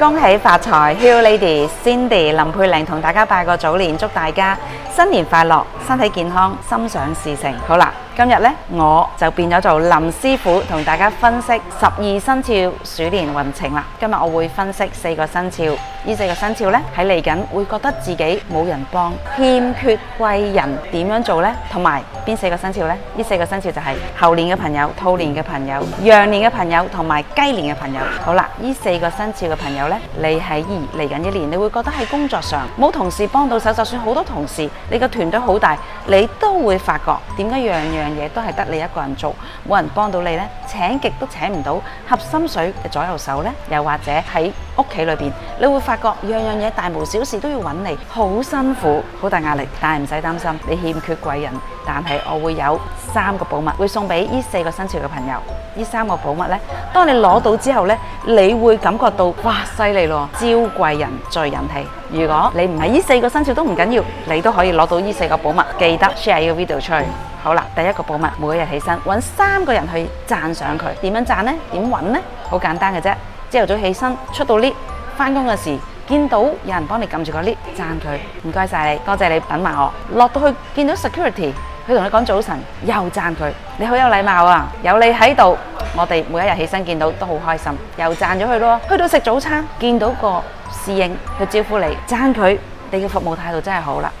恭喜發財，Hill Lady、Cindy、林佩玲同大家拜個早年，祝大家，新年快樂，身體健康，心想事成。好啦，今日呢，我就變咗做林師傅，同大家分析十二生肖鼠年運程啦。今日我會分析四個生肖，呢四個生肖呢，喺嚟緊會覺得自己冇人幫，欠缺貴人，點樣做呢？同埋邊四個生肖呢？呢四個生肖就係猴年嘅朋友、兔年嘅朋友、羊年嘅朋友同埋雞年嘅朋友。好啦，呢四個生肖嘅朋友呢，你喺嚟緊一年，你會覺得喺工作上冇同事幫到手，就算好多同事。你個團隊好大，你都會發覺點解樣樣嘢都係得你一個人做，冇人幫到你呢？請極都請唔到，合心水嘅左右手呢？又或者係，屋企裏邊，你會發覺樣樣嘢，大無小事都要揾你，好辛苦，好大壓力。但係唔使擔心，你欠缺貴人，但係我會有三個寶物會送俾呢四個生肖嘅朋友。呢三個寶物呢，當你攞到之後呢，你會感覺到哇，犀利咯！招貴人最人氣。如果你唔係呢四個生肖都唔緊要，你都可以攞到呢四個寶物。記得 share 呢個 video 出去。好啦，第一個寶物，每日起身揾三個人去讚賞佢。點樣讚呢？點揾呢？好簡單嘅啫。朝頭早起身出到 lift，翻工嘅時見到有人幫你撳住個 lift，讚佢，唔該晒你，多謝你等埋我。落到去見到 security，佢同你講早晨，又讚佢，你好有禮貌啊！有你喺度，我哋每一日起身見到都好開心，又讚咗佢咯。去到食早餐，見到個侍應佢招呼你，讚佢，你嘅服務態度真係好啦。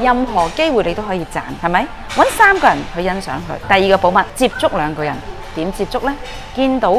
任何機會你都可以讚，係咪？搵三個人去欣賞佢。第二個寶物，接觸兩個人，點接觸呢？見到。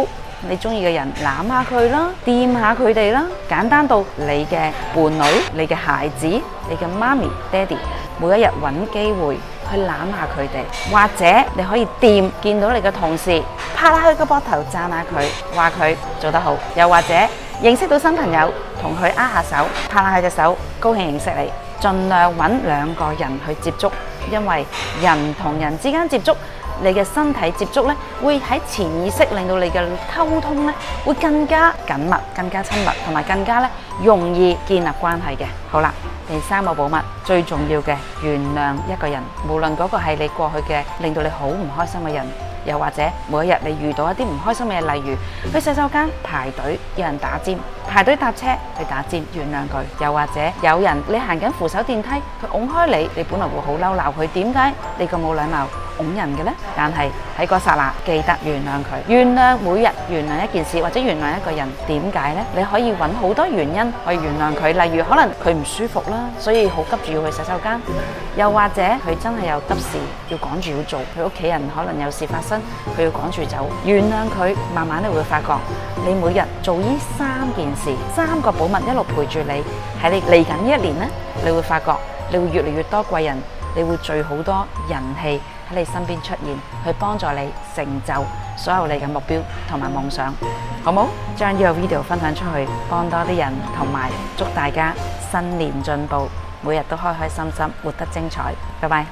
你中意嘅人攬下佢啦，掂下佢哋啦，簡單到你嘅伴侶、你嘅孩子、你嘅媽咪、爹地，每一日搵機會去攬下佢哋，或者你可以掂見到你嘅同事，拍下佢個膊頭讚下佢，話佢做得好，又或者認識到新朋友，同佢握下手，拍下佢隻手，高興認識你，盡量搵兩個人去接觸。因為人同人之間接觸，你嘅身體接觸咧，會喺潛意識令到你嘅溝通咧，會更加緊密、更加親密，同埋更加咧容易建立關係嘅。好啦，第三個寶物最重要嘅，原諒一個人，無論嗰個係你過去嘅令到你好唔開心嘅人。又或者每一日你遇到一啲唔開心嘅嘢，例如去洗手間排隊，有人打尖，排隊搭車去打尖，原諒佢；又或者有人你行緊扶手電梯，佢拱開你，你本來會好嬲，鬧佢，點解你咁冇禮貌？恐人嘅咧，但係喺個剎那記得原諒佢。原諒每日原諒一件事或者原諒一個人，點解呢？你可以揾好多原因去原諒佢，例如可能佢唔舒服啦，所以好急住要去洗手間，又或者佢真係有急事要趕住要做，佢屋企人可能有事發生，佢要趕住走，原諒佢。慢慢咧會發覺你每日做呢三件事，三個寶物一路陪住你，喺你嚟緊呢一年呢，你會發覺你會越嚟越多貴人。你會聚好多人氣喺你身邊出現，去幫助你成就所有你嘅目標同埋夢想，好唔好？將呢個 video 分享出去，幫多啲人，同埋祝大家新年進步，每日都開開心心，活得精彩。拜拜。